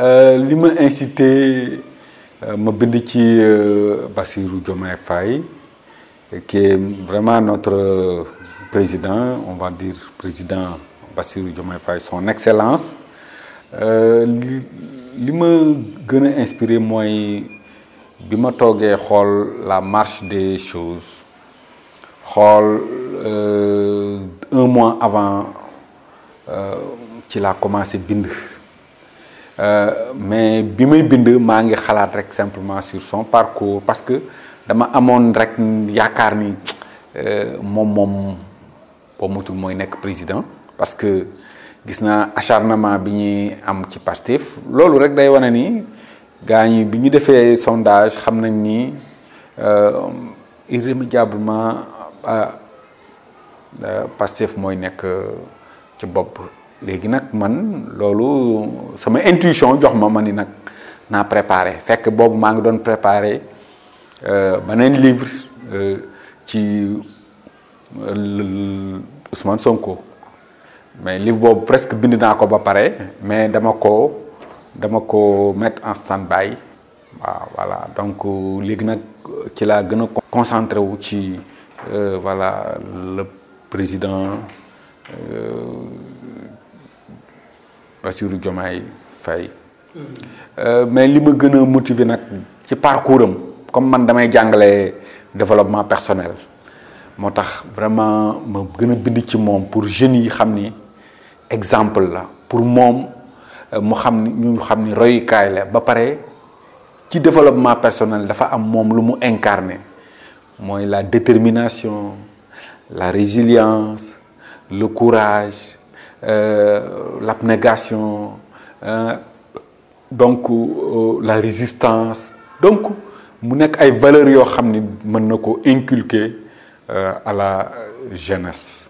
Euh, li ma incité euh, ma bind ci euh, Bassirou Diomaye Faye qui est vraiment notre président on va dire président Bassirou Diomaye Faye son excellence Ce ma gën inspiré c'est la marche des choses euh, un mois avant euh, qu'il a commencé bind euh, mais bi may bind maa ngi la rek simplement sur son parcours parce que dama amoon rek yaakaar ni mon moom boo matul mooy nekk président parce que gis acharnement bi ñuy am ci parti, loolu rek day wane ni gaa ñi de ñu sondage xam ni irrémédiablement Euh, Pastef mooy nekk euh, ci bopp léegi nag man loolu sama intuition jox ma ma ni nag naa préparé fekk boobu maa ngi doon préparé euh, beneen livre ci Ousmane Sonko mais livre boobu presque bind naa ko ba pare mais dama ko dama ko mettre en stand-by waaw voilà donc léegi nag ci laa gën a concentré wu ci voilà le président euh, Bassirou Diomaye Faye euh, mais qui ma motivé motiver parcours comme développement personnel je vraiment pour le génie. exemple pour moi euh, mu développement personnel dafa incarné la détermination la résilience, le courage, euh, l'abnégation, hein, donc euh, la résistance. Donc, y a des valeurs qui xam euh, à la jeunesse.